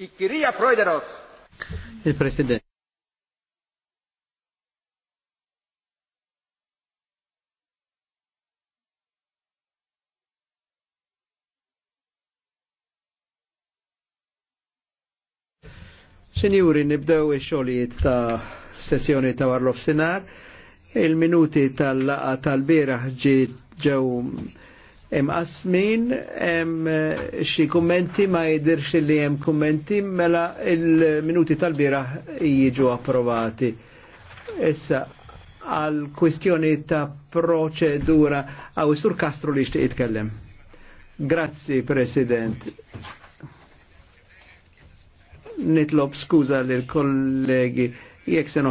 Ikkirija Projderos. Il-President. Senjuri, nibdew il xoliet ta' sessjoni ta' Warlof Senar. Il-minuti tal-laqa tal-biraħ ġew asmin hemm eh, xi kummenti ma jidirx li hemm kummenti mela il-minuti tal bieraħ jiġu approvati. Issa għal kwistjoni ta' proċedura għaw sur Kastro li xtiq jitkellem. Grazzi, President. Nitlob skuza lil kollegi jekk se